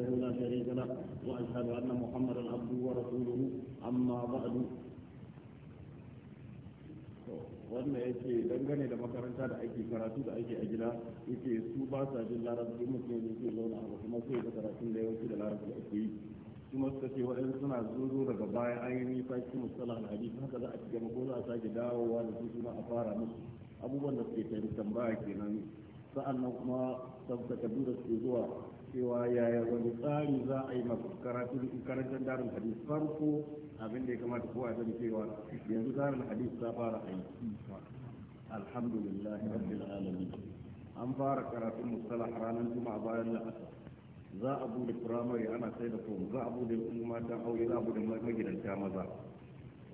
وحده لا شريك له وأشهد أن محمدا عبده ورسوله أما بعد wanda ya ce dangane da makaranta da ake karatu da ake a gida yake su ba sa jin larabci mutum ne ke zauna a kuma sai da karatun da yawanci da larabci ake yi kuma suka ce waɗansu suna zozo daga baya an yi nisa cikin musala hadisi haka za a ci gaba ko za a sake dawowa da su suna a fara musu abubuwan da suke tambaya kenan sa'an nan kuma sabta da suke zuwa cewa yaya wani tsari za a yi karatun karantar darin hadis farko abin da ya kamata ko a zan cewa yanzu darin hadis ta fara aiki alhamdulillah rabbil alamin an fara karatun mustalah ranar juma'a bayan la'asar za a bude firamare ana sai da za a bude matan aure za a bude magidanta maza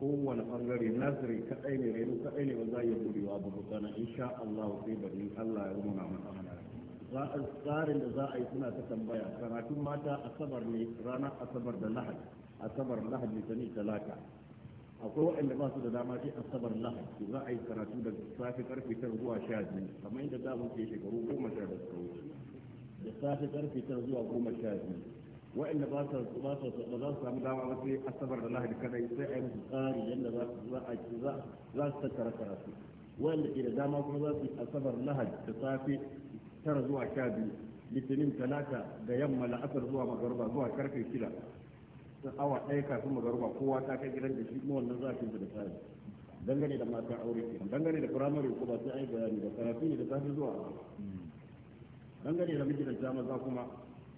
kowane bangare nazari kadai ne rayu kadai ne ba za a budewa ba mutane insha Allah sai bari Allah ya na masa za a tsarin da za a yi suna ta tambaya karatun mata asabar ne ranar asabar da lahadi asabar lahadi ta ne talata akwai waɗanda ba su da dama sai asabar lahadi za a yi karatu da safe karfe tar zuwa sha biyu kamar yadda za mu ke shekaru goma sha da suka da safe karfe tar zuwa goma sha biyu waɗanda ba su ba su ba za su samu dama ba sai asabar da lahadi kadai sai a yi musu tsari yadda za a za su tattara karatu waɗanda ke da dama kuma za su yi asabar lahadi da safe tara zuwa sha biyu litinin talata da yamma la'asar zuwa magaruba zuwa karfe shida sun awa ɗaya kafin magaruba kowa ta kai gidan da shi kuma wannan za su da tsari dangane da matan aure ke dangane da firamare ko ba sai ai bayani da karatu ne da safe zuwa dangane da mijinta maza kuma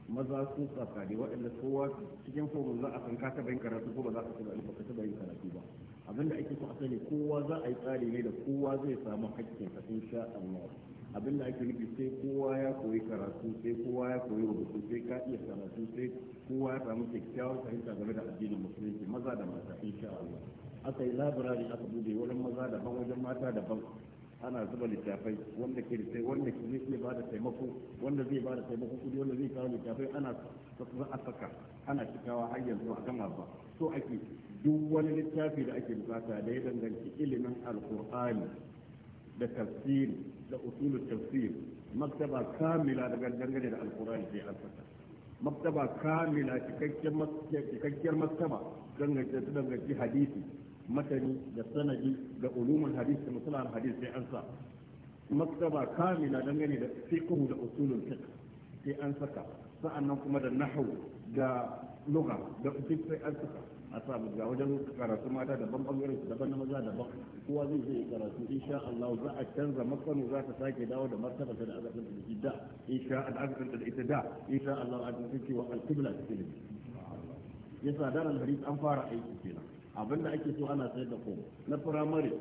maza su ne waɗanda kowa cikin fomin za a san ka taɓa yin karatu ko ba za ka taɓa yin ka yin karatu ba abinda ake so a sani kowa za a yi tsari ne da kowa zai samu hakkin ka in sha Allah abin da ake nufi sai kowa ya koyi karatu sai kowa ya koyi rubutu sai ka iya karatu sai kowa ya samu kyakkyawar fahimta game da addinin musulunci maza da mata insha Allah aka yi labirari aka bude wurin maza daban wajen mata daban ana zuba littafai wanda ke sai wanda ke zai ba da taimako wanda zai ba da taimako kudi wanda zai kawo littafai ana a saka ana cikawa har yanzu a gama ba so ake duk wani littafi da ake bukata da ya danganci ilimin alkur'ani da tafsiri da usulul tafsir maktaba kamila daga dangane da alqur'ani sai an saka maktaba kamila cikakkiyar maktaba dangane da dangane hadisi matani da sanadi da ulumul hadisi da musalar hadisi sai an sa maktaba kamila dangane da fiqh da usulul fiqh sai an saka sa'annan kuma da nahwu da lugha da duk sai an saka a sa ga wajen karatu mata daban bangaren su daban na maza daban kowa zai zai karatu insha Allah za a canza makonu za ta sake dawo da martaba da aka da da insha Allah azabin da ita da insha Allah a cikin cewa al-qibla take ne yasa daren hadith an fara aiki kenan abin da ake so ana sayar da ko na firamare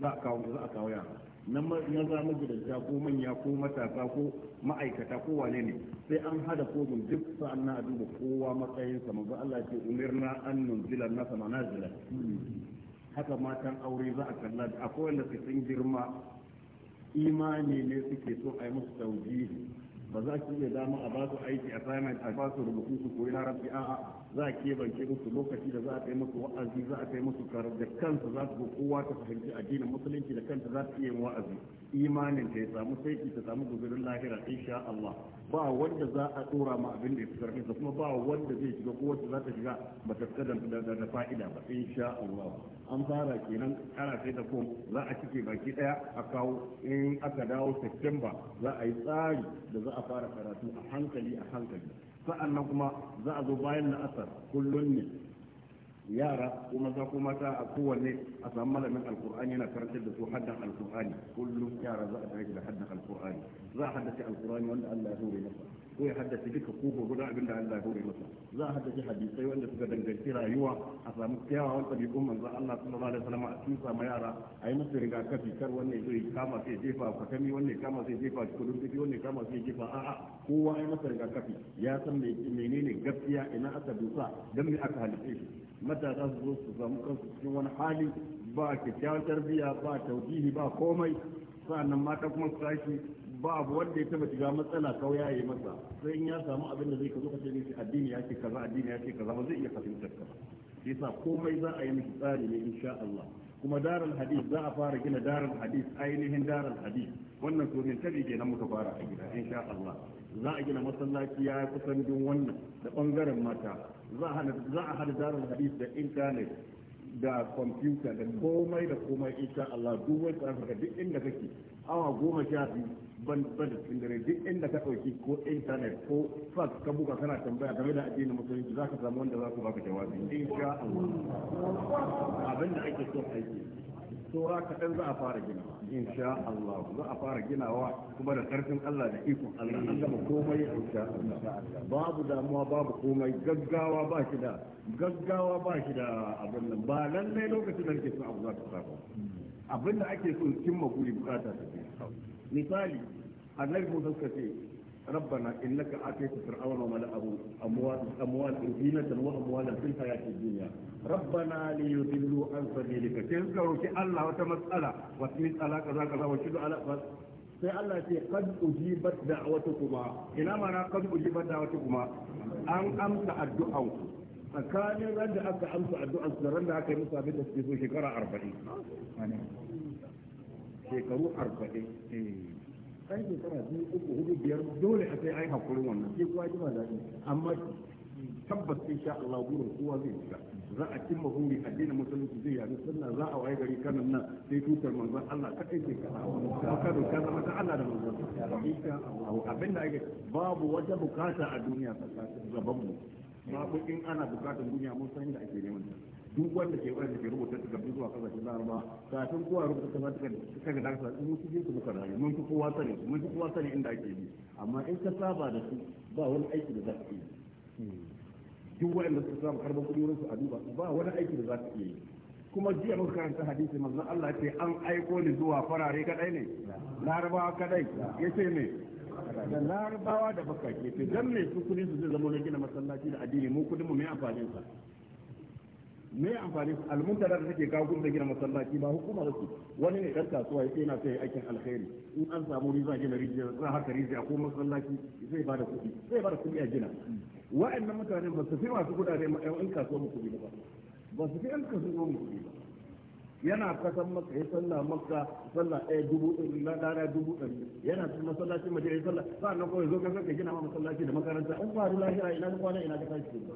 za a kawo yara na maza magidanta ko manya ko matasa ko ma'aikata ko wane ne sai an hada kogin duk sa'an na duba kowa matsayinsa manzo Allah ce umirna an nunzila na manazila haka matan aure za a kalla akwai wanda sun girma imani ne suke so a yi musu tauji ba za ki iya dama a ba su aiki assignment a ba su rubutu su koyi larabci a za a keɓance musu lokaci da za a kai musu wa'azi za a kai musu karar da kansu za su kowa ta fahimci addinin musulunci da kanta za su iya wa'azi imanin ta ya samu saiki ta samu guzurin lahira insha Allah ba wanda za a tsora ma abin da ya fitar da kuma ba wanda zai shiga ko wacce za ta shiga ba ta da da fa'ida ba insha Allah an fara kenan ana sai da kom za a cike baki daya a kawo in aka dawo September za a yi tsari da za a a fara karatu a hankali a hankali sa'annan kuma za a zo bayan la'asar kullum ne yara kuma maza ko mata a kowanne a samu malamin alkur'ani yana karantar da su haddan alkur'ani kullum yara za a tashi da haddan alkur'ani za a haddace alkur'ani wanda Allah ya hore masa ko ya haddace duka kofar guda abin da Allah ya hore masa za a haddace hadisai wanda suka danganci rayuwa a samu kyawawan ɗabi'un manzo Allah sallallahu alaihi wasallam a tusa ma yara a yi musu rigakafi kar wanne ya zo ya kama sai jefa kwatami wanne kama sai jefa kudin kudi wanne kama sai jefa a'a kowa ya masa rigakafi ya san menene gaskiya ina aka dusa dan me aka halice shi matasa su zo su samu kansu cikin wani hali ba kyakkyawar tarbiyya ba tauhihi ba komai sannan mata kuma su tashi babu wanda ya taba shiga matsala kawai ya yi masa sai in ya samu abin da zai ka zo ka ce addini ya ce kaza addini ya ce kaza ba zai iya fahimtar ka shi yasa komai za a yi miki tsari ne insha Allah kuma daral hadith za a fara gina daral hadith ainihin daral hadith wannan sunan tabi kenan muka fara a gida insha Allah za a gina masallaci ya kusan din wannan da bangaren mata za a hada za hadis daral hadith da intanet da kwamfuta da komai da komai insha Allah duk wani tsarkaka duk inda kake awa goma sha biyu ban ban cikin dare duk inda ka ɗauki ko intanet ko fax ka buga kana tambaya game da addinin musulunci za ka samu wanda za ku baka jawabi insha Allah abinda ake so aiki tsora kaɗan za a fara ginawa insha Allah za a fara ginawa kuma da ƙarfin Allah da ikon Allah an gama komai insha Allah babu damuwa babu komai gaggawa ba shi da gaggawa ba shi da abin nan ba lallai lokacin da nake so abu za ta samu abin da ake so cimma guri bukata ta ce misali annabi Musa ce ربنا إنك آتيت فرعون وملأه أموال أموال زينة وأموالا في الحياة الدنيا ربنا ليضلوا عن سبيلك تذكروا الله وتمسألة وتمسألة كذا كذا على sai Allah ce ina mana an amsa addu'an ku tsakanin ran da aka amsa addu'an su da ran da aka yi musu abin da suke so shekara shekaru dan shekara biyu uku hudu biyar dole a sai ai haƙuri wannan sai kowa jima daɗi amma tabbas insha Allah burin kowa zai shiga za a cimma huri addinin musulunci zai yaɗu sunna za a waye gari kanan nan sai tutar manzon Allah ka kai ka kuma ka doka zama ta Allah da manzon insha Allah abin da ake babu wata bukata a duniya tsakanin gaban mu babu in ana bukatar duniya mun san inda ake neman ta duk wanda ke wanda ke rubuta takardu zuwa kasashen laraba kafin kowa rubuta kasa ta ga dakasa mun fi su muka rayu mun fi kowa sani mun fi kowa sani inda ake bi amma in ka saba da su ba wani aiki da za ka iya duk wanda suka samu karban kuɗi wurin su a duba ba wani aiki da za ka iya yi kuma jiya muka karanta hadisi manzon Allah ce an aiko ni zuwa farare kadai ne larabawa kadai yace ne da larabawa da bakake to dan me su kudin su zai zama na gina masallaci da addini mu kudin mu mai amfanin sa me amfani almuntara da take kawo kuma gina masallaci ba hukuma da su wani ne dan kasuwa yake yana sai aikin alkhairi in an samu riza gina rijiya za haka rijiya ko masallaci zai bada kuɗi zai bada kuɗi a gina wa'annan mutanen ba su fi masu kudade ma ɗan kasuwa mu kuɗi ba ba su fi ɗan kasuwa mu kuɗi ba yana kasan maka ya salla maka salla ɗaya dubu ɗari na ɗara dubu ɗari yana cikin masallacin madina ya salla sa'an nan kawai zo ka gina ma masallaci da makaranta in faru lahira ina kwana ina ka tashi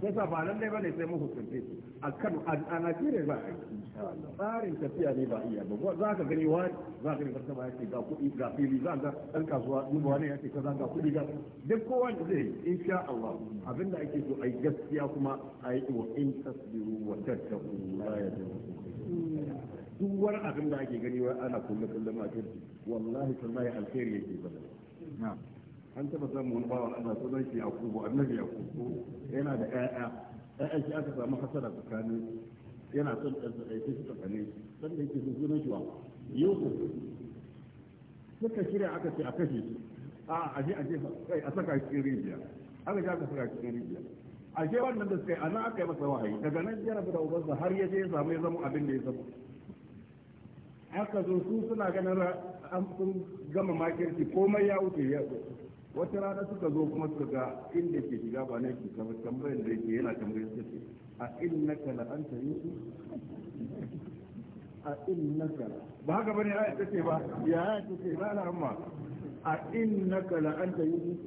sai sa ba lallai bane sai mu hukunce a akan a Najeriya ba a yi tsarin tafiya ne ba iya ba za ka gani wani za ka gani ba ba yake ga kuɗi ga fili za ka dan kasuwa duba wani yake kaza zaka kuɗi ga duk kowa da zai insha Allah da ake so ai gaskiya kuma ai wa in tasbiru wa tattaqu la da duk wani abin da ake gani wa ana kullum kullum a kirki wallahi tallahi alheri yake bada na'am an taba samu wani bawan Allah sunan shi Yakubu annabi Yakubu yana da ƴaƴa ƴaƴan shi aka samu hasara tsakanin yana son ɗansa ɗaya su tsakanin san sannan yake so sunan shi wa Yusuf suka shirya aka ce a kashe shi a a je a je kai a saka cikin rijiya aka je aka saka cikin rijiya a je wannan da suka yi nan aka yi masa wahayi daga nan rabu da ubansa har ya je ya samu ya zama abin da ya zama aka zo su suna ganin an sun gama makirci komai ya wuce ya wata rana suka zo kuma suka ga inda ke shiga ba na ke tambayar da yake yana tambayar su ce a innaka la anta su a innaka ba haka bane ya ce ba ya tace ba na amma a innaka la anta yusuf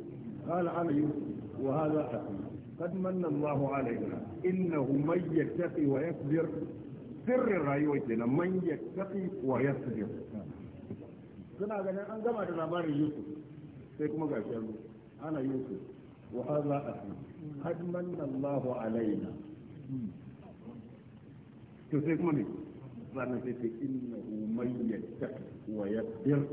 hala ana yusuf wa hadha akhi qad manna Allahu alayna innahu may yattaqi wa yasbir sirrin rayuwa kenan man yattaqi wa yasbir suna ganin an gama da labarin yusuf sai kuma ga shi ana yin su wa hadha asli qad manna Allahu alaina to sai kuma ne zanna sai ce inna man yattaqi wa yasbir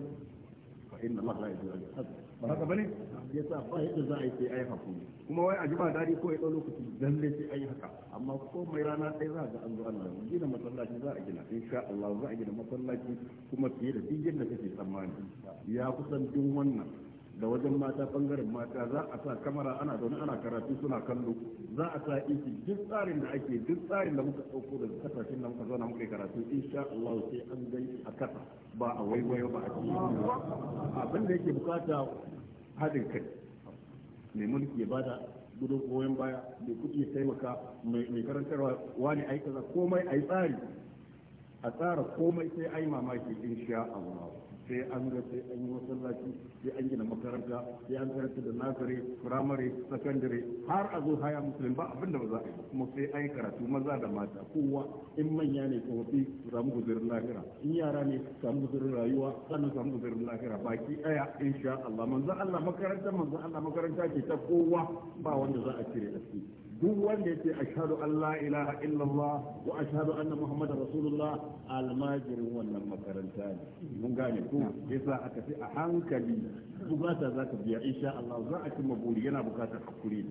fa inna Allah la yudhi'u al ba haka bane yasa ba yadda za a yi sai ai haku kuma wai a ji ba dadi ko ya dau lokaci dan ne sai ai haka amma ko mai rana sai za ga an zo Allah gina masallaci za a gina insha Allah za a gina masallaci kuma fiye da duk da kake tsammani ya kusan duk wannan da wajen mata bangaren mata za a sa kamara ana zaune ana karatu suna kallo za a sa iki duk tsarin da ake duk tsarin da muka ɗauko da kasashen da muka zauna muka yi karatu insha Allah sai an gani a kasa ba a waiwayo ba a cikin abin da yake bukata haɗin kai mai mulki ya bada gudun goyon baya mai kuɗi ya taimaka mai karantarwa wani za komai a yi tsari a tsara komai sai a yi mamaki insha Allah sai an ga sai an yi masallaci sai an gina makaranta sai an karanta da nasari firamare sakandare har a zo haya musulun ba abin da ba za a yi kuma sai an yi karatu maza da mata kowa in manya ne tsofaffi su samu guzurin lahira in yara ne su samu guzurin rayuwa sannan samu guzurin lahira baki daya insha Allah manzo Allah makaranta manzo Allah makaranta ce ta kowa ba wanda za a cire a ciki duk wanda yake ashhadu an la ilaha illallah wa ashhadu anna muhammadar rasulullah almajirin wannan makaranta ne mun gane ko yasa aka fi a hankali bukata za ka biya insha Allah za a cimma buri yana bukatar hakuri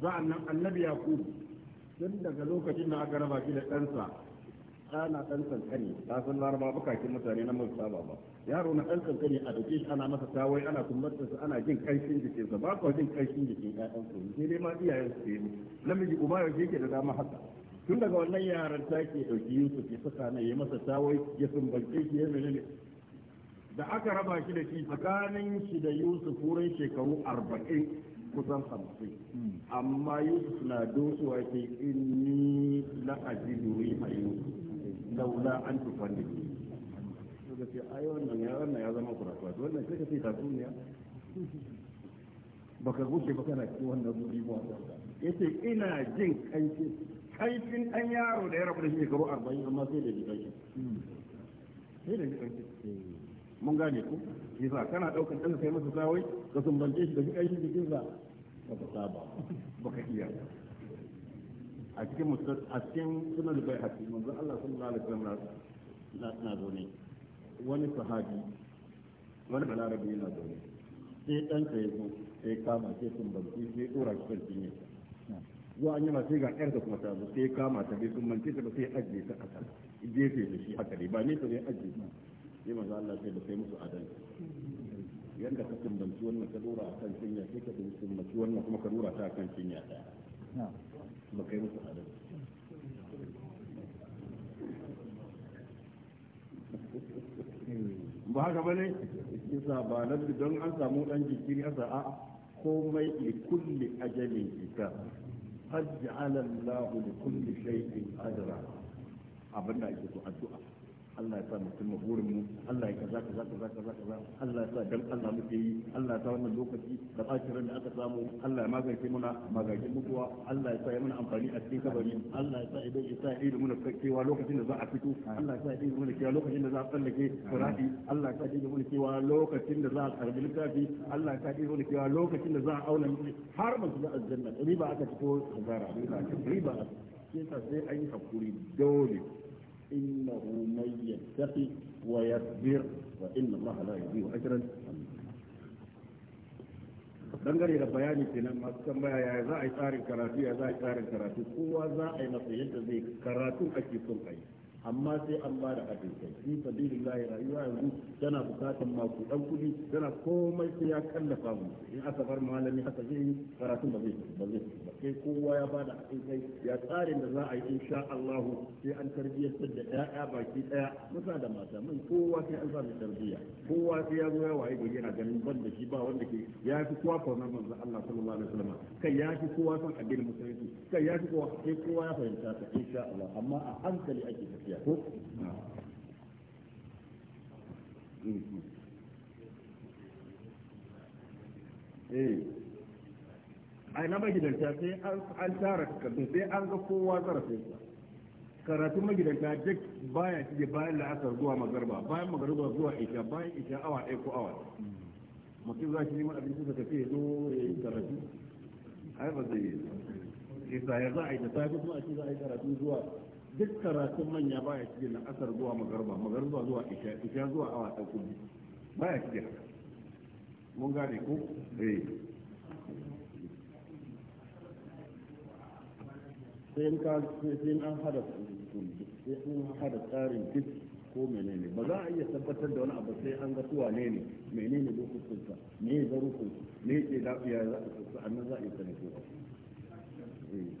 za nan annabi yaqub tun daga lokacin da aka raba shi da ɗansa ana ɗan kankani kafin laraba bukakin mutane na mun saba ba yaro na ɗan kankani a ke shi ana masa tawai ana kumbatar su ana jin ƙarshen jikinsa ba ko jin ƙarshen jikin ƴaƴan su sai dai ma iyayen su ne namiji uba ya yake da dama haka tun daga wannan yaran ta ke ɗauki Yusuf ya saka nan ya masa tawai ya sumbance shi ya menene da aka raba shi da shi tsakanin shi da Yusuf wurin shekaru arba'in kusan hamsin amma Yusuf na dosowa ke inni la'ajidu riha Yusuf laula an tufanni da ce ai wannan ya wannan ya zama kurakuwa wannan sai ka ce tatsuniya baka gushe baka na cikin wannan rubi ba yace ina jin kanki kaifin dan yaro da ya rabu da shi shekaru 40 amma sai da ji kanki sai da ji kanki mun gane ku yasa kana daukar dan sai masa kawai ka sumbance shi da shi kanki jikin ba baka saba baka iya a cikin musnad a cikin sunan bai haƙi manzon Allah sallallahu alaihi wasallam na na zaune wani sahabi wani balarabi yana zaune sai dan sai zo sai kama sai sun banki sai dora shi kan cinye wa an yi sai ga ƴar da kuma ta zo sai kama ta bai sun mance ta ba sai ajiye ta a kan gefe da shi haka ne ba ne ta zai ajiye ta sai manzo Allah sai da sai musu adalci yanda ka sumbanci wannan ka dora a kan cinya sai ka sumbanci wannan kuma ka dora ta a kan cinya ɗaya ba musu ba haka ba ne isa ba na don an samu dan jikiri asa a komai li kulli ajalin kita hajji ala kulle li kulli shay'in ajra abinda ake so addu'a Allah ya sa mutum burin mu Allah ya kaza kaza kaza kaza kaza Allah ya sa dan Allah muke yi Allah ya sa wannan lokaci da bakirin da aka samu Allah ya magance muna magance mutuwa Allah ya sa ya muna amfani a cikin kabari Allah ya sa idan ya sa idan muna kewa lokacin da za a fito Allah ya sa idan muna kewa lokacin da za a tsallake furadi Allah ya sa idan muna kewa lokacin da za a karbi littafi Allah ya sa idan muna kewa lokacin da za a auna har mu zuwa aljanna riba aka fito hazara riba riba sai an yi hakuri dole إنه من يتقي ويصبر وإن الله لا يضيع أجرا dangane da bayani kenan masu tambaya ya za a yi tsarin karatu ya za a yi tsarin karatu kowa za a yi masa yadda zai karatu ake son a yi amma sai an ba da haɗin kai fi sabilillahi rayuwa yanzu tana bukatan maku dan kuɗi tana komai sai ya kallafa mu in aka bar malami haka zai karatun ba zai ba zai sai kowa ya ba da haɗin kai ya tsarin da za a yi insha Allah sai an tarbiyyantar da ɗaya baki ɗaya maza da mata mai kowa sai an sami tarbiyya kowa sai ya zo ya waye gari yana ganin ban da shi ba wanda ke ya fi kowa kaunar manzon Allah sallallahu alaihi wasallam kai ya fi kowa son addinin musulunci kai ya fi kowa sai kowa ya fahimta ka insha Allah amma a hankali ake tafiya gaskiya ko eh. a na magidanta sai an tara takardun sai an ga kowa zarafinsa karatun magidanta duk baya shige bayan la'asar zuwa magarba bayan magarba zuwa isha bayan isha awa ɗaya ko awa mutum za shi neman abinci da ce zo ya yi karatu ai ba zai yi isa ya za a yi da safe kuma a ce za a yi karatu zuwa duk karatun manya baya cikin asar zuwa magarba magarba zuwa isha isha zuwa awa ta kudi baya cikin mun gane ko eh sai in ka sai an hada sai an hada tsarin duk ko menene ba za a iya tabbatar da wani abu sai an ga tuwa ne ne menene hukuncinsa me ya ga hukunci me ya ke lafiya za a kusa annan za a iya sanin ko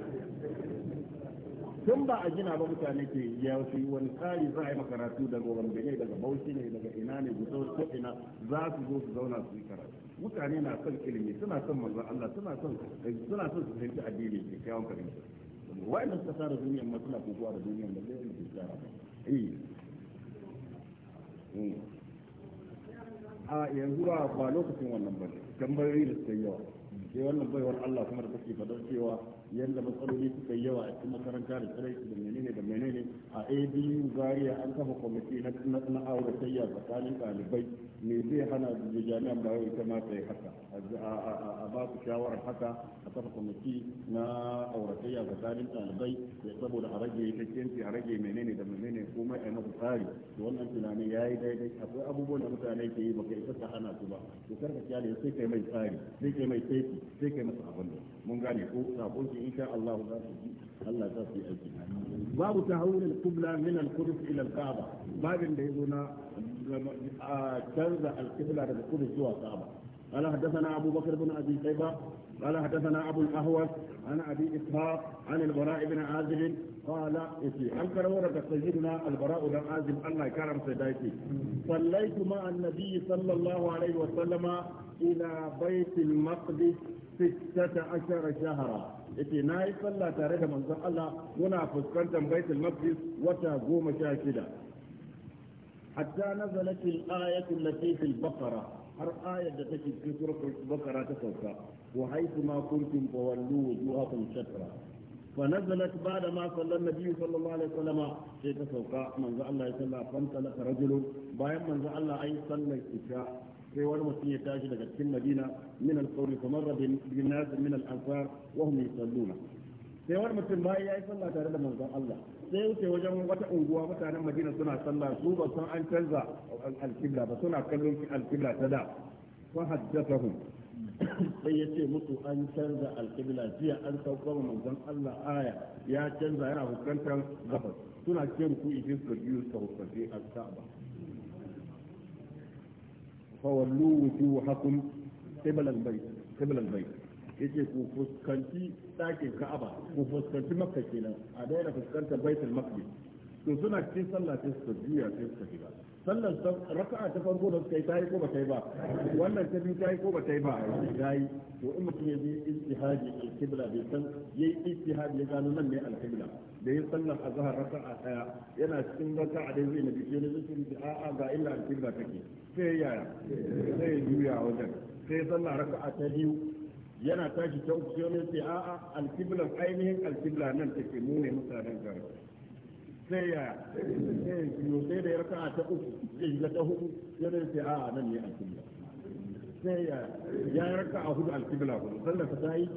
tun ba a gina ba mutane ke ya wasu wani tsari za a yi makaratu daga wanda ne daga bauchi ne daga ina ne guda ko ina za su zo su zauna su yi karatu mutane na son ilimi suna son manzon Allah suna son eh, suna son su fahimci addini da kyawun fahimta wa'anda suka tsara duniyar ma suna kokowa da duniyar da zai yi tsara eh. hmm. a yanzu ba ba lokacin wannan ba tambayoyi da suka yawa sai wannan baiwar Allah kuma da take fadar cewa yadda matsaloli suka yi yawa a cikin makaranta da tsirai da menene da menene a abu zaria an kafa kwamiti na ga sayya tsakanin ɗalibai me zai hana da jami'an bayo ita ma ta yi haka a ba ku shawarar haka a kafa kwamiti na auratayya tsakanin ɗalibai da saboda a rage yankyanci a rage menene da menene kuma a mafi tsari da wannan tunanin ya yi daidai akwai abubuwan da mutane ke yi baka isa ta hana su ba to karka kyale sai kai mai tsari sai kai mai taifi sai kai masa abin da mun gane ko sakon ki insha Allah za su ji Allah za su yi aiki babu tahawul al-qibla min al-qudus ila al-kaaba babin da yazo na canza al-qibla daga qudus zuwa kaaba قال حدثنا أبو بكر بن أبي شيبة قال حدثنا أبو الأهوس عن أبي إسحاق عن البراء بن عازب قال إتي أنكر ورد سيدنا البراء بن عازب الله كرم سيدايتي صليت مع النبي صلى الله عليه وسلم إلى بيت المقدس sittata ashara shahara yace na yi sallah tare da manzon Allah muna fuskantar baitul maqdis wata goma sha shida hatta nazalat al-ayat allati fil baqara har ayat da take cikin suratul baqara ta sauka wa haythu ma kuntum fawallu wujuhakum shatra فنزلت بعد ما ma النبي صلى الله عليه وسلم sai ta sauka الله allah ya عليه وسلم فانطلق رجل بايم من الله أي صلى الإشاء sai wani mutum ya tashi daga cikin madina min alqawli kuma bin nas min al-ansar wa hum yusalluna sai wani mutum bayan ya yi sallah tare da manzon Allah sai wuce wajen wata unguwa mutanen Madina suna sallah su ba san an canza alƙibla ba suna kallon alƙibla ta da fa haddathahum sai ya ce musu an canza alƙibla jiya an saukar manzon Allah aya ya canza yana fuskantar gabas suna cikin ku idin su biyu sau al-Ka'aba fawallu wujuhakum qibla al-bayt qibla al-bayt yace ku fuskanci ɗakin Ka'aba ku fuskanci Makka kenan a daina fuskantar Baitul Maqdis to suna cikin sallah sai su juya sai su tafi sallar raka'a ta farko da suka yi ta yi ko ba ta yi ba wannan ta biyu ta yi ko ba ta yi ba ya yi to in mutum ya bi istihadi al-qibla bai san ya yi istihadi ya gano nan ne al-qibla da ya sallar azhar raka'a daya yana cikin raka'a da zai nabi sai zai ce a'a ga illa al-qibla take sai ya sai juya wajen sai sallar raka'a ta biyu yana tashi ta uku sai ya ce a'a al-qibla ainihin al-qibla nan take mu ne mutanen garin سيا يصير ركعة أخرى قبلته يرى سعاء من يأتي الله سيا يا ركعة أخرى على القبلة أخرى قال له فتاي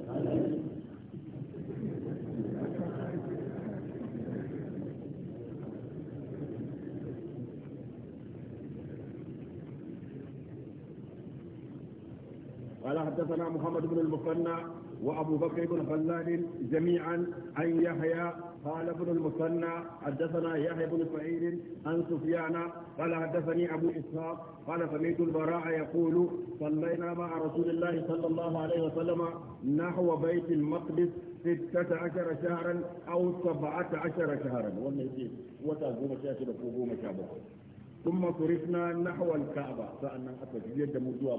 قال حدثنا محمد بن المثنى وأبو بكر بن خلاد جميعا عن يحيى قال ابن المثنى حدثنا يحيى بن سعيد عن سفيان قال حدثني أبو إسحاق قال سمعت البراء يقول صلينا مع رسول الله صلى الله عليه وسلم نحو بيت المقدس ستة عشر شهرا أو سبعة عشر شهرا ثم صرفنا نحو الكعبة فأنا أتجد مدوى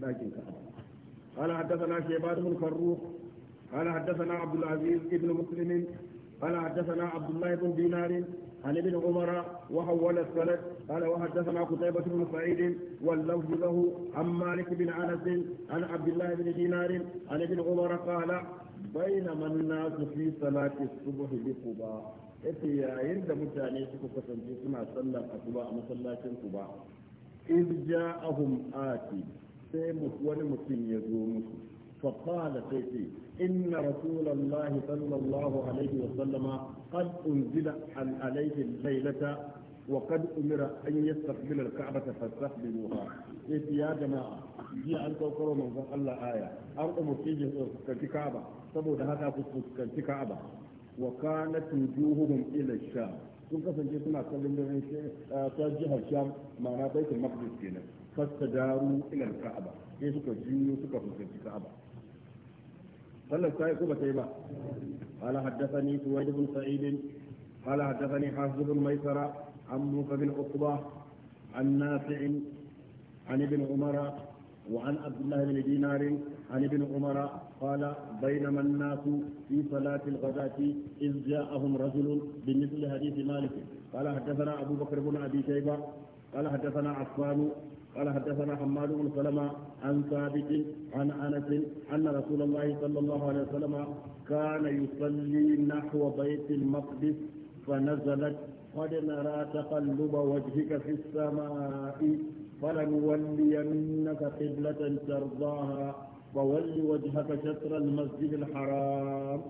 بيت الكعبة قال حدثنا شيبان بن فروق قال حدثنا عبد العزيز بن مسلم قال حدثنا عبد الله بن دينار عن ابن عمر وحول السند قال وحدثنا قتيبة بن سعيد واللفظ له عن مالك بن انس عن عبد الله بن دينار عن ابن عمر قال بينما الناس في صلاة الصبح بقباء إتي يا عند متاني suka kasance سنة sallar asuba a masallacin إذ جاءهم آتي sai wani mutum ya فقال سيدي إن رسول الله صلى الله عليه وسلم قد أنزل عليه الليلة وقد أمر أن يستقبل الكعبة فاستقبلوها سيدي يا جماعة جي أن توقروا من الله آية أرقم السجن في الكعبة saboda haka ku fuskanci Ka'aba وكانت وجوههم الى الشام كن كسنجي سنا كلم دين شيخ الشام ما انا المقدس كده فاستداروا الى الكعبه كيف سوكا جيو في الكعبه قال لك سايكو طيب، بتيبا قال حدثني سويد بن سعيد قال حدثني حافظ بن ميسرة عن موسى بن عقبة عن نافع عن ابن عمر وعن عبد الله بن دينار عن ابن عمر قال بينما الناس في صلاة الغداة إذ جاءهم رجل بمثل حديث مالك قال حدثنا أبو بكر بن أبي شيبة قال حدثنا عفان قال حدثنا حماد بن سلمة عن ثابت عن أنس أن رسول الله صلى الله عليه وسلم كان يصلي نحو بيت المقدس فنزلت قد نرى تقلب وجهك في السماء فلنولينك قبلة ترضاها فول وجهك شطر المسجد الحرام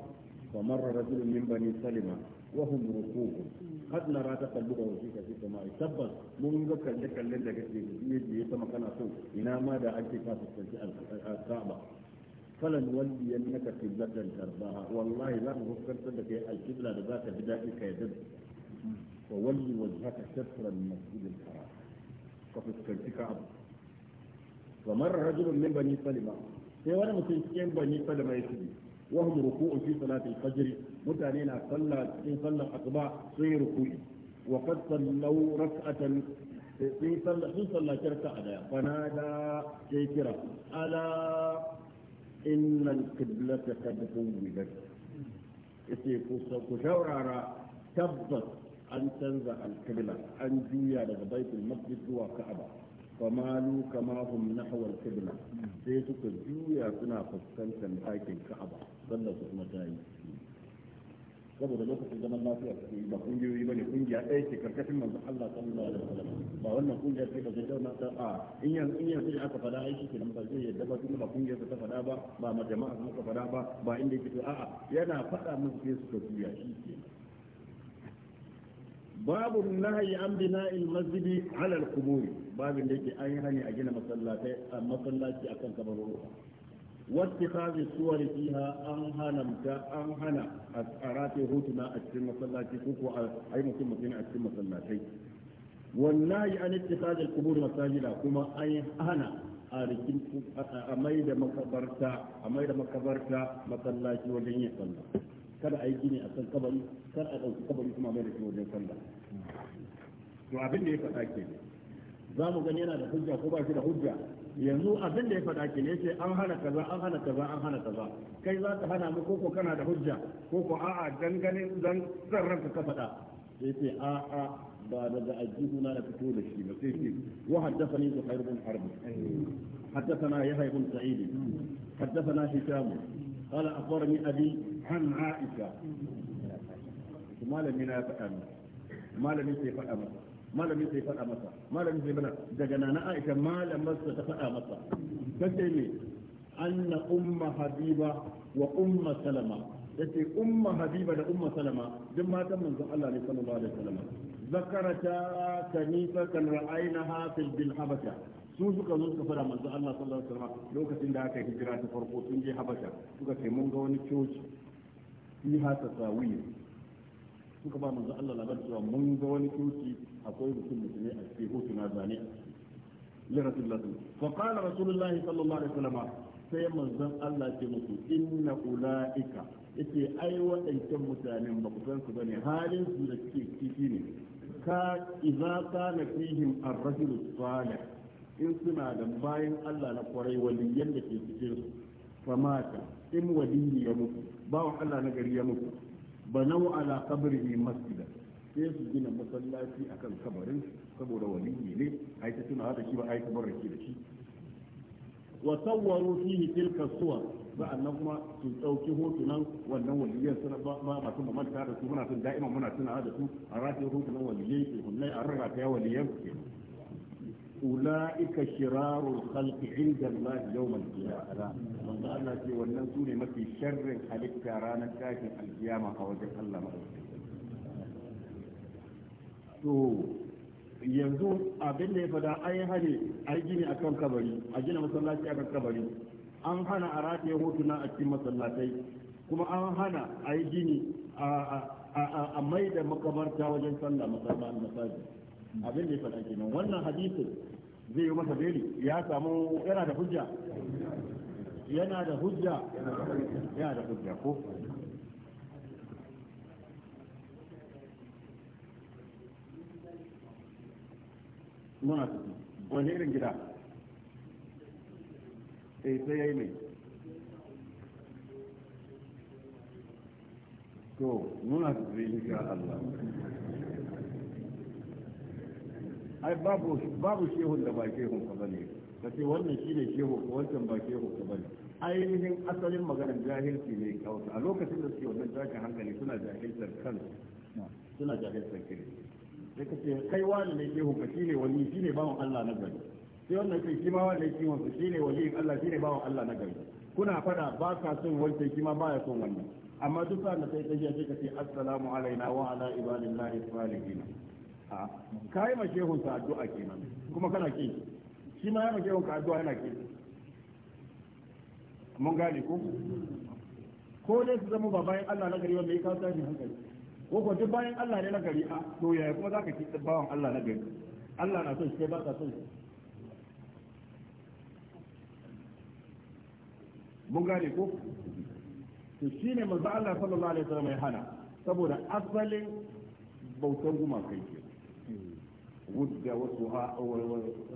فمر رجل من بني سلمة وهم ركوب قد نرى تقلب وجهك في السماء تبت من ذكر لك الذي كتبه يجي يسمى كان سوء إلى ماذا أنت كافة الكعبة فلنولينك قبلة ترضاها والله لا فكرت لك القبلة ذات بدائك يدب وولي وجهك شطر المسجد الحرام ففكرت كعبة ومر رجل من بني سلمة sai wani mutum cikin bani salama ya tafi wahum ruku'u fi salati al-fajr mutane na sallah cikin sallar asuba sai ruku'i wa qad sallu rak'atan eh, sai sallah sun sallaci a daya fanada sai kira ala innal qiblata qad tuwidat yace ku shaurara tabbas an canza al-qibla an juya daga baitul maqdis zuwa ka'aba famalu kama hum nahwal qibla sai suka juya suna fuskantar ɗakin ka'aba sallar su kuma tayi saboda lokacin zaman lafiya su ba kungiyoyi bane kungiya ɗaya ke karkashin manzo Allah sallallahu alaihi wasallam ba wannan kungiya ce ba zai zauna ta a in yanzu in yanzu aka fada aiki kenan ba zai yadda ba kuma kungiyar ta fada ba ba ma jama'a ka fada ba ba inda yake a a yana fada musu sai suka juya shi kenan babu nahyi an bina'il masjidi ala al-quburi babin da yake an yi hani a gina masallatai a masallaci a kan kamar ruwa wacce kazi suwar fiha an hana mutum an hana a rafe hutuna a cikin masallaci ko ko a yi mutum mutum a cikin masallatai Wannan wallahi an yi kazi kubur masajida kuma an yi hana a rikin a mai da makabarta a mai da makabarta masallaci wajen yin sallah kada a yi gini a kan kabari kada a ɗauki kabari kuma mai da shi wajen sallah to abin ya faɗa ke ne za mu gani yana da hujja ko ba shi da hujja yanzu abin da ya faɗa ki ne sai an hana kaza an hana kaza an hana kaza kai za ka hana mu ko ko kana da hujja ko ko a'a dangane dan zarran ka faɗa sai sai a'a ba daga ajihuna na da fito da shi ba sai sai wa haddathani zuhair bin harb حدثنا يحيى بن سعيد حدثنا هشام قال اخبرني ابي عن عائشه ما لم ينافع sai faɗa يفهم malamin sai faɗa masa malamin sai bana daga nana Aisha malamar sa ta faɗa masa kace ne anna umma habiba wa umma salama yace umma habiba da umma salama duk matan manzon Allah ne sallallahu alaihi wasallam zakarata kanisa kan ra'aynaha fil bil habasha su suka zo suka fara manzon Allah sallallahu alaihi wasallam lokacin da aka hijira ta farko sun je habasha suka ce mun ga wani coci fi hasa sawiya suka ba manzo Allah labar cewa mun ga wani turki akwai mutum musulmi a cikin hotuna zane lirasul lasu fa qala rasulullahi sallallahu alaihi wasallam sai manzon Allah ce musu inna ulaika yace ai waɗancan mutanen ba ku san su bane halin su da suke ciki ne ka idza kana fihim ar-rajulu salih in suna da bayan Allah na kwarai wani yadda ke cikin su famata in waliyi ya mutu bawan Allah na gari ya mutu banau ala kabrihi masjidan sai su gina masallaci akan kabarin saboda waliyi ne ai ta tuna hada shi ba ta tabarraki da shi wa sawwaru fihi tilka a nan kuma su ɗauki hotunan wannan waliyan suna ba ba sun mamanta da su muna son da'ima muna tunawa da su a rataye hotunan waliyan ke hunnai a rarrata ya waliyan ke أولئك شرار الخلق عند الله يوم القيامة من الله في والنسون ما في شر خلق كاران كاكي القيامة وجه الله to yanzu abin da ya fada ai hane ai gini akan kabari a gina masallaci akan kabari an hana a rataye hotuna a cikin masallatai kuma an hana ai gini a mai da makabarta wajen sallah masallaci abin da ya faɗa kenan wannan hadisin zai yi masa beli ya samu yana da hujja yana da hujja yana da hujja ko muna tafi wani irin gida sai eh, sai ya yi mai to muna tafi insha Allah ai babu babu shehu da ba shehu ka bane ka ce wannan shine shehu ko wancan ba shehu ka bane ainihin asalin maganar jahilci ne kawai a lokacin da suke wannan tashin hankali suna jahiltar kan suna jahiltar kiri sai ka ce kai wani ne shehu ka shine wani shine bawan Allah na gari sai wannan kai shi ma wani ne wani shine wali Allah shine bawan Allah na gari kuna fada ba ka son wancan shi ma baya son wannan amma duk sa da sai kaje sai ka ce assalamu alaina wa ala ibadillahi salihin ka kai ma shehun sa addu'a kenan kuma kana ki shi ma yana shehun ka addu'a yana ki mun gane ko ko ne su zama ba bayan Allah na gari wanda ya kawo tashin hankali ko ko duk bayan Allah ne na gari a to yaya kuma zaka ki bawan Allah na gari Allah na son shi sai ba ka so shi mun gane ko to shine manzo Allah sallallahu alaihi wasallam ya hana saboda asalin bautar gumakai ke ود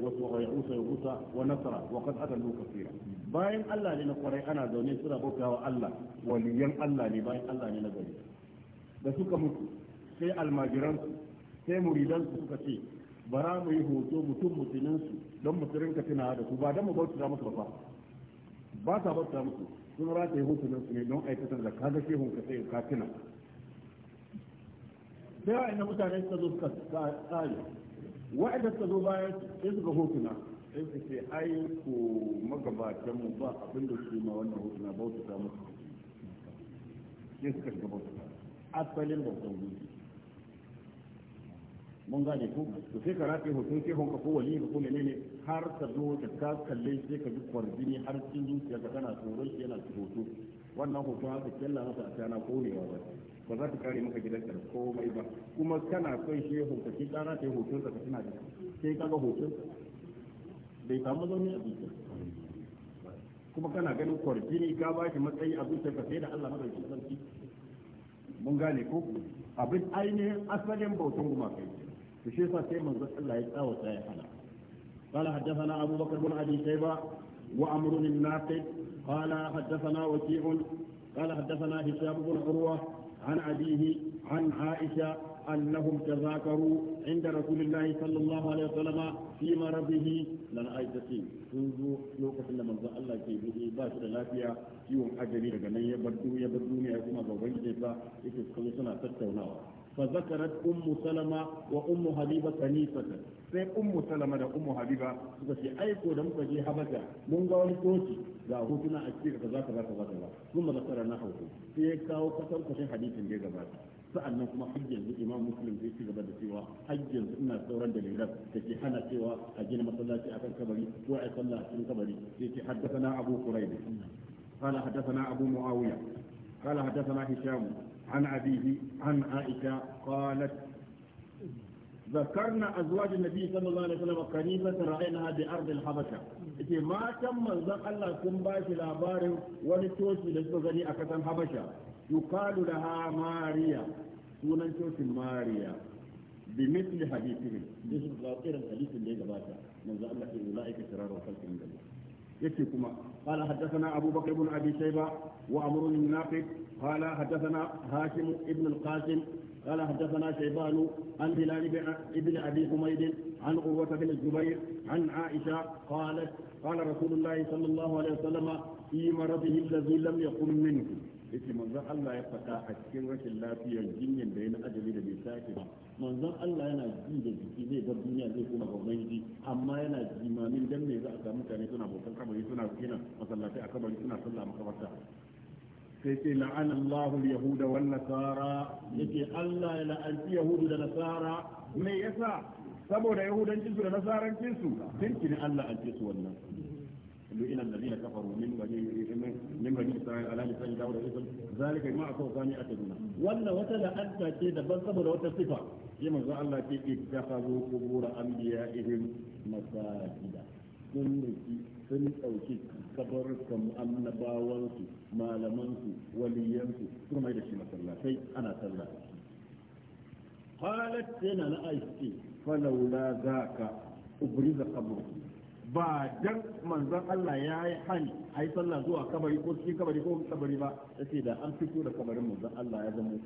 وسها ويعوس يغوث ونصر وقد أتلوا كثيرا باين الله لنا قرأي أنا دوني سورة بوكا والله وليا الله لي باين الله لنا دوني da suka mutu sai almajiransu sai muridansu suka ce bara mu yi hoto mutum mutuninsu don mutu rinka tuna da su ba don mu bauta musu ba ba sa bauta musu sun rataye hotunan su ne don aikatar da kaga shehun ka sai ka tuna sai wa'annan mutane suka zo suka tsari wa'anda suka zo baya sai suka hotuna sai su ce ai ko magabatan mu ba abin da su ma wannan hotuna bauta samu su sai suka shiga bauta su asalin su gunki mun gane ku to sai ka rafe hoton sai ka ko wani ko menene har ka zo da ka kalle sai ka ji kwarjini har cikin zuciya ka tana tsoron yana hoto wannan hoton haka kella masa a tana korewa ba ba za ta kare maka gidan da komai ba kuma kana son shehu ka ki kara ta hoton ka tana da sai ka ga hoton bai samu zaune a bikin kuma kana ganin kwarjini ka ba shi matsayi a zuciyar ka sai da Allah madaukakin sarki mun gane ko abin ainihin asalin bautan gumakai to shi yasa sai manzon Allah ya tsawata ya hana قال حدثنا أبو بكر بن أبي شيبة وأمر الناقد قال حدثنا وكيع قال حدثنا هشام بن عروة عن أبيه عن عائشة أنهم تذاكروا عند رسول الله صلى الله عليه وسلم في مرضه لن أيتسين منذ لوقت لما انزع الله كي به باشر لافيا يوم أجري لغنية بدو يبدو يبدو يبدو يبدو يبدو يبدو يبدو يبدو فذكرت أم سلمة وأم حبيبة كنيسة sai ummu salama da ummu habiba suka ce ai ko da muka je habasha mun ga wani koci ga hutuna a cikin kaza kaza kaza ba kuma zakara na hauku sai ya kawo kasar kashin hadisin da gabata sa'annan kuma hajjin da imam muslim zai ci gaba da cewa hajjin ina sauran dalilan da ke hana cewa a gina masallaci akan kabari ko a sallah cikin kabari sai ce na abu quraib haddasa na abu معاوية قال حدثنا هشام عن أبيه عن عائشة قالت ذكرنا أزواج النبي صلى الله عليه وسلم قريبة رأيناها بأرض الحبشة إذا ما كان من ذق الله سنباش لابار ولتوش لسبغني أكتن حبشة يقال لها ماريا سنن توش ماريا بمثل حديثهم بسم الله خير الحديث اللي جباته من ذق الله أولئك شرار وخلق من الله يكيكما قال حدثنا أبو بكر بن أبي شيبة وأمر بن قال حدثنا هاشم بن القاسم قال حدثنا شيبان عن هلال بن أبي حميد عن عروة بن الزبير عن عائشة قالت قال رسول الله صلى الله عليه وسلم في مرضه الذي لم يقم منه yake الله يفتح ya faɗa الله في الجن بين أجل النساء manzon Allah yana ji da jiki zai ga duniya zai kuma ga ubangiji amma yana jimamin dan me za a ga mutane suna bautar kabari suna gina masallatai a kabari suna sallah makabarta sai sai la'ana Allah yahuda wan nasara yake Allah ya la'anci yahudu da nasara me yasa saboda yahudancin su da nasarancin su tintini Allah an ce su wannan لئن الذين كفروا من بني من بني إسرائيل على لسان داود ويوسف ذلك ما أكو ثاني أتدنا ولا وتلا أنت كده بل صبر وتصفى كما قال الله اتخذوا قبور أنبيائهم مساجدا sun riki sun ɗauki kabarukan annabawansu malamansu waliyansu sun mai da shi masallatai ana sallah qalat yana na aiki falaula zaka ubriza qabruhu ba dan manzon Allah ya yi hani a yi sallah zuwa kabari ko cikin kabari ko kabari ba ce da an fito da kabarin manzon Allah ya zama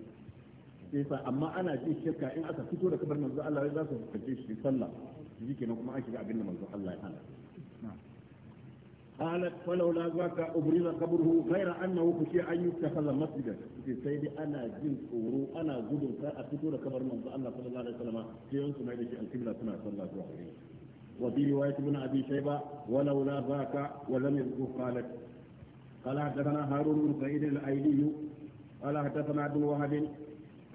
sai sa amma ana ce shirka in aka fito da kabarin manzon Allah ya za su fice shi sallah shi kenan kuma an shiga abin da manzon Allah ya hana قالت فلولا ذاك أبرز قبره غير أنه خشي أن يتخذ مسجدا في سيدي ana جن أورو أنا جدو فأتتور كبر من الله صلى الله عليه وسلم في أنسو ما يدشي الكبلة صلى الله عليه وسلم وفي رواية ابن أبي شيبة ولولا ذاك ولم يذكر قالت قال حدثنا هارون بن سعيد الأيلي قال حدثنا عبد الوهاب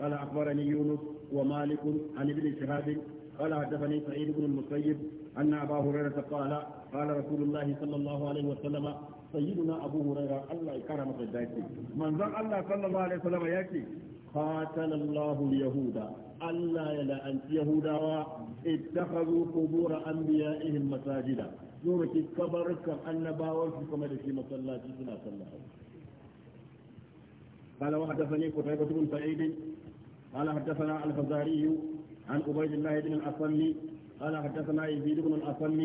قال أخبرني يونس ومالك عن ابن شهاب قال حدثني سعيد بن المسيب أن أبا هريرة قال قال رسول الله صلى الله عليه وسلم sayyiduna abu huraira Allah ya kara masa dace manzon Allah sallallahu alaihi wasallam yake qatallallahu yahuda Allah ya la'anci yahudawa ittakhadhu qubur anbiya'ihim masajida zuwa ki kabarkan annabawan su kuma da shi masallaci suna sallah قال وحدثني قتيبة بن سعيد قال حدثنا الفزاري عن عبيد الله بن الأصم قال حدثنا يزيد بن الأصم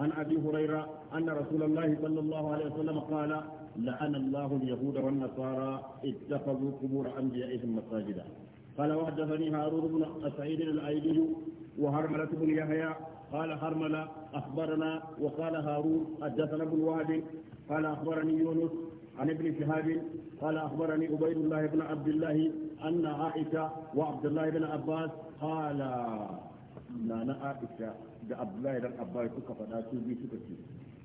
عن أبي هريرة أن رسول الله صلى الله عليه وسلم قال لعن الله اليهود والنصارى اتخذوا قبور أنبيائهم مساجدا قال وحدثني هارون بن سعيد الأيدي وهرملة بن يحيى قال هرملة أخبرنا وقال هارون حدثنا ابن وهب قال أخبرني يونس عن ابن شهاب قال أخبرني عبيد الله بن عبد الله أن عائشة وعبد الله بن عباس قال لا عائشة da Abdullahi dan Abbas suka faɗa su biyu suka ce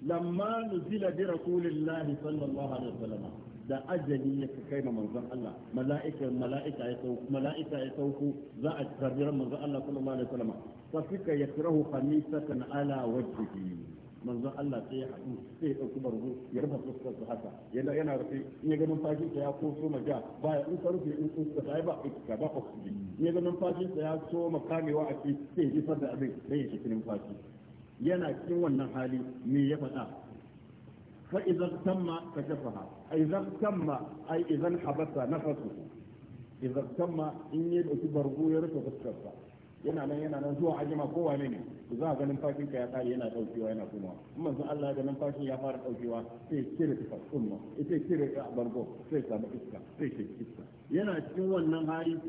lamma nuzila bi rasulillahi sallallahu alaihi wasallam da ajali ya kai ma manzon Allah mala'ika mala'ika ya sauko mala'ika ya sauko za a tarbiyyar manzon Allah sallallahu alaihi wasallam fa fika yakrahu khamisatan ala wajhihi manzon Allah sai ya haɗu sai ya ɗauki bargo ya rufe fuskar su haka yana yana rufe in ya ga numfashin sa ya koso ma ja baya in ka rufe in fuskar sa ba iska ba oxygen in ya ga numfashin sa ya so ma kamewa a ci sai ya jifar da abin sai ya shi numfashi yana cikin wannan hali me ya faɗa fa idan tamma kashafaha idan tamma ai idan habasa nafasuhu idan tamma in ya ɗauki bargo ya rufe fuskar sa yana nan yana nan zuwa ajima kowa ne ne za a ganin fashin ka ya kare yana daukewa yana kuma in manzo Allah ganin fashin ya fara daukewa sai cire ta kuma sai cire ta bargo sai samu iska sai ke iska yana cikin wannan hali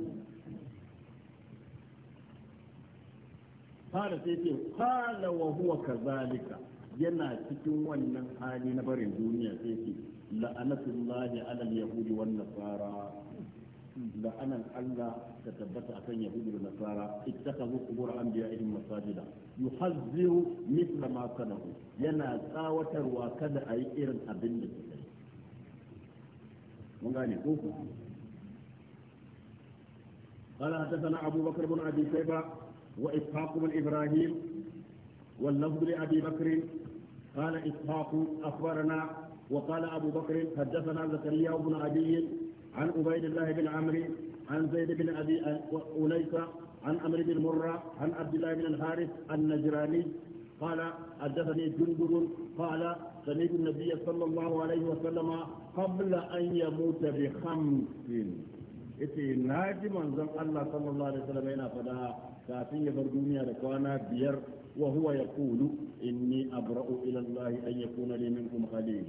fara sai ce qala wa huwa kazalika yana cikin wannan hali na barin duniya sai ce la'anatullahi alal yahudi wan nasara la'anan Allah ta tabbata akan yahudu da nasara ittakazu qubur anbiya'ihim masajida yuhazziru mithla ma sanahu yana tsawatarwa kada a yi irin abin da suka yi mun gane ko قال حدثنا أبو بكر بن أبي شيبة وإسحاق بن إبراهيم واللفظ لأبي بكر قال إسحاق أخبرنا وقال أبو بكر حدثنا زكريا بن أبي عن أبيد الله بن عمري عن زيد بن أبي أوليكا عن أمر بن مرة عن عبد الله بن الحارث النجراني قال حدثني جندب قال سمعت النبي صلى الله عليه وسلم قبل أن يموت بخمس إتي ناجم أنزل الله صلى الله عليه وسلم هنا فدا كافية فردوني لكوانا بير وهو يقول إني أبرأ إلى الله أن يكون لي منكم خليل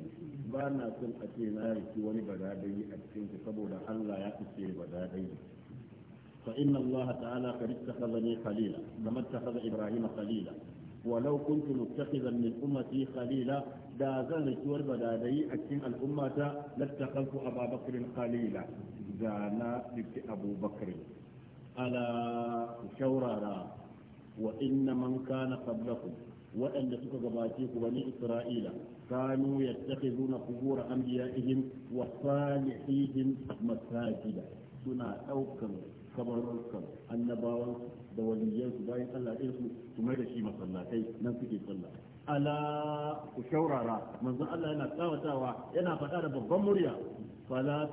ba na son a ce na yaki wani badadai a cikin ku saboda Allah ya fice badadai fa inna Allah ta'ala qad ittakhadhani khalila kama ittakhadha Ibrahim khalila ولو كنت متخذا من امتي خليلا دا زان الكور بدا دي اكين الامة لاتخذت ابا بكر خليلا زانا لك ابو بكر الا شورارا وان من كان قبلكم وان سكا بني اسرائيل كانوا يتخذون قبور أنبيائهم وصالحيهم مساجدا سنة أوكم kabarurkan annabawan da waliyansu bayan Allah ɗin su masallatai nan suke sallah ala ku shaurara manzon Allah yana tsawatawa yana faɗa da babban murya fala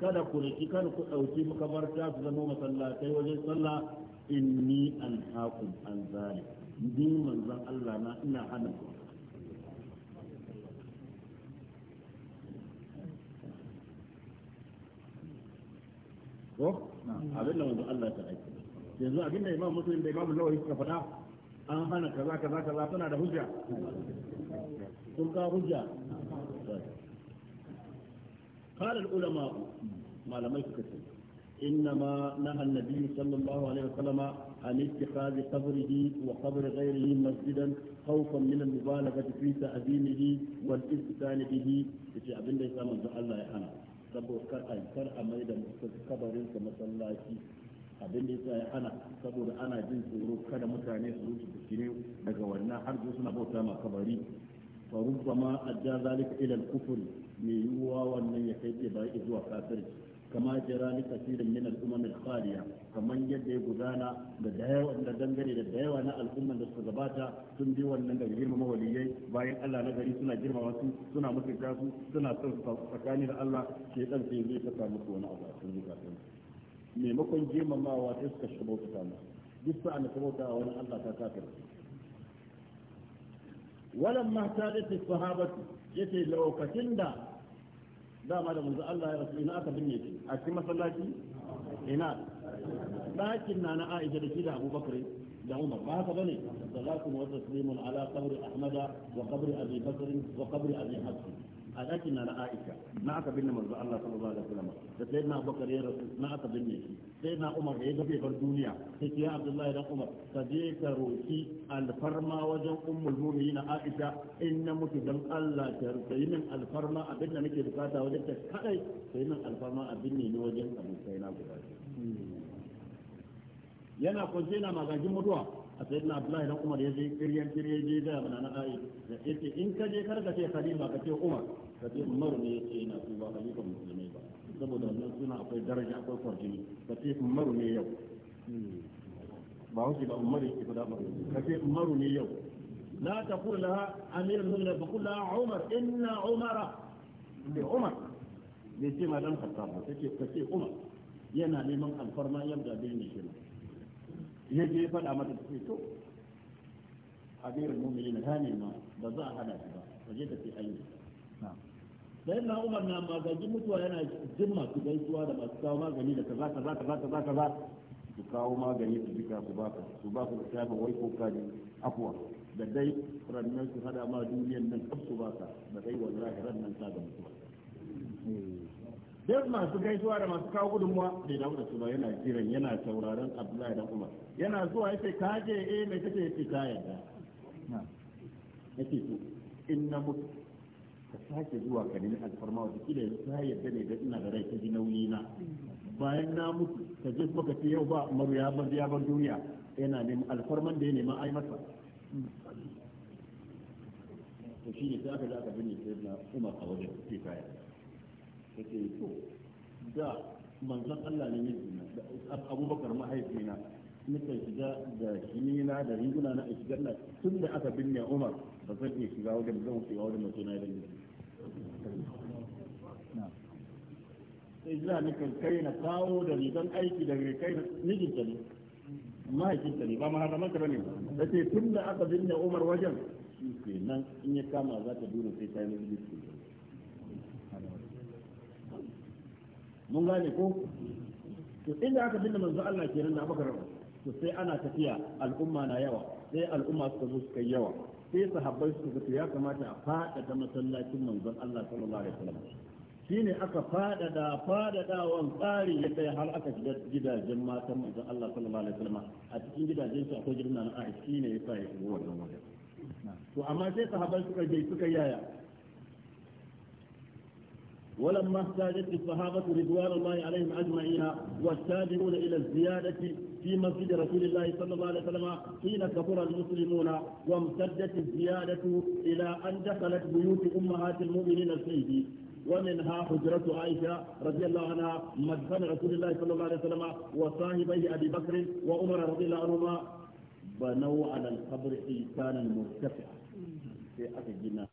kada ku riki kan ku dauki makabarta su zama masallatai wajen sallah inni alhaqu an zalika ni manzan Allah na ina hana ku ko abin da manzan Allah ta aiki yanzu abin da imam muslim da imam nawawi suka faɗa an hana kaza kaza kaza tana da hujja sun ka hujja قال العلماء ما لم يكتب إنما نهى النبي صلى الله عليه وسلم عن اتخاذ قبره وقبر غيره مسجدا خوفا من المبالغة في تعظيمه والاستكان به في أبن ليس من الله يحنى سبو كرأي كرأ ميدا كبر كمسلاتي abin da yasa ya hana saboda ana jin tsoro kada mutane su rufe bikine daga wannan har zuwa suna bauta ma kabari fa rubbama adda zalika ila al-kufr mai yiwuwa wannan ya kai ba zuwa kafirci kama jira li kasirin min al'umman al-khaliya kaman yadda ya gudana da dayawa da dangane da dayawa na al'umman da suka gabata sun bi wannan da girmama waliyai bayan Allah na gari suna girmama su suna mutunta su suna son su tsakani da Allah shedan sai zai saka musu wani abu a cikin zukatan maimakon girmamawa sai suka shiga bauta musu duk sa'an da bauta wa wani Allah ta kafir walamma ta da sahabatu yace lokacin da dama da manzo Allah ya rasu ina aka binne shi a cikin masallaci ina ɗakin na na Aisha da shi da Abubakar da Umar ba haka bane salatu wa taslimun ala qabri Ahmada wa qabri Abi Bakr wa qabri Abi Hafs a ɗakin na Aisha na aka binne manzo Allah sallallahu alaihi wasallam da sai na Abubakar ya rasu na aka binne shi sai na Umar da ya gafe bar duniya sai ya Abdullahi dan Umar ka je ka roki alfarma wajen ummul mu'minin Aisha in na mutu dan Allah ta rufe min alfarma abin da nake bukata wajen ta kadai sai min alfarma abin ne ni wajen abokai na guda yana kwance na magajin mutuwa a sai na Abdullahi dan Umar ya je kiryan kirye je da mana na Aisha yace in ka je kar ka ce Khalifa ka ce Umar kaji umar ne ya ce ba a yukan musulmi ba saboda suna akwai daraja akwai ne yau ba ya ce ba dama kaji umar ne yau ta nuna ba umar umara umar ce umar yana neman alfarma yadda bai ne shi ya faɗa mata da to amir nuna yana ta nema ba za a hada shi ba waje ta ce sai na umar na magaji mutuwa yana jin su gaisuwa da masu kawo magani da kaza kaza kaza kaza kaza su kawo magani su jika su baka su baka su shafa wai ko kaji afuwa da dai rannan su hada ma duniyan nan kaf su baka da dai wallahi rannan sa ga mutuwa duk masu gaisuwa da masu kawo gudunmuwa da dawo da su ba yana jiran yana sauraron abdullahi da umar yana zuwa ce kaje eh mai kace ce ta yarda yace to in mutu ka sake zuwa ka nemi alfarma wata kila yanzu ta yadda ne da ina da rai ta ji nauyi na bayan na mutu ka je kuma ka ce yau ba maru ya ban ya duniya yana neman alfarman da ya nema ai masa to shine sai aka ji aka binne sai na Umar a wajen ke kaya yi to da manzon Allah ne ne Abubakar mahaifina nake shiga da shi na da riguna na aiki shigar na tun da aka binne umar ba zan iya shiga wajen zan shiga wajen mutum na yi. sai za ni kan kai na kawo da rigan aiki da kai na mijinta ne mahaifinta ne ba maharamanka ba ne da ce tun da aka binne umar wajen shi ke nan in ya kama za ta dole sai ta yi majalisi mun gane ko to inda aka binne manzo Allah kenan na abakar rabu to sai ana tafiya al'umma na yawa sai al'umma suka zo suka yawa sai sahabbai suka ga ya kamata a da masallacin manzon Allah sallallahu alaihi wasallam shine aka da faɗaɗa faɗaɗawan tsari ya kai har aka shiga gidajen matan manzon Allah sallallahu alaihi wasallam a cikin gidajen su akwai gidan na Aisha shine yasa ya shigo wannan wajen to amma sai sahabbai suka je suka yaya ولما احتاجت الصحابة رضوان الله عليهم أجمعين والتابعون إلى الزيادة في مسجد رسول الله صلى الله عليه وسلم حين كفر المسلمون وامتدت الزيادة إلى أن دخلت بيوت أمهات المؤمنين السيدي ومنها حجرة عائشة رضي الله عنها مدفن رسول الله صلى الله عليه وسلم وصاحبيه أبي بكر وعمر رضي الله عنهما بنوا على القبر إيتانا مرتفعا في الجنة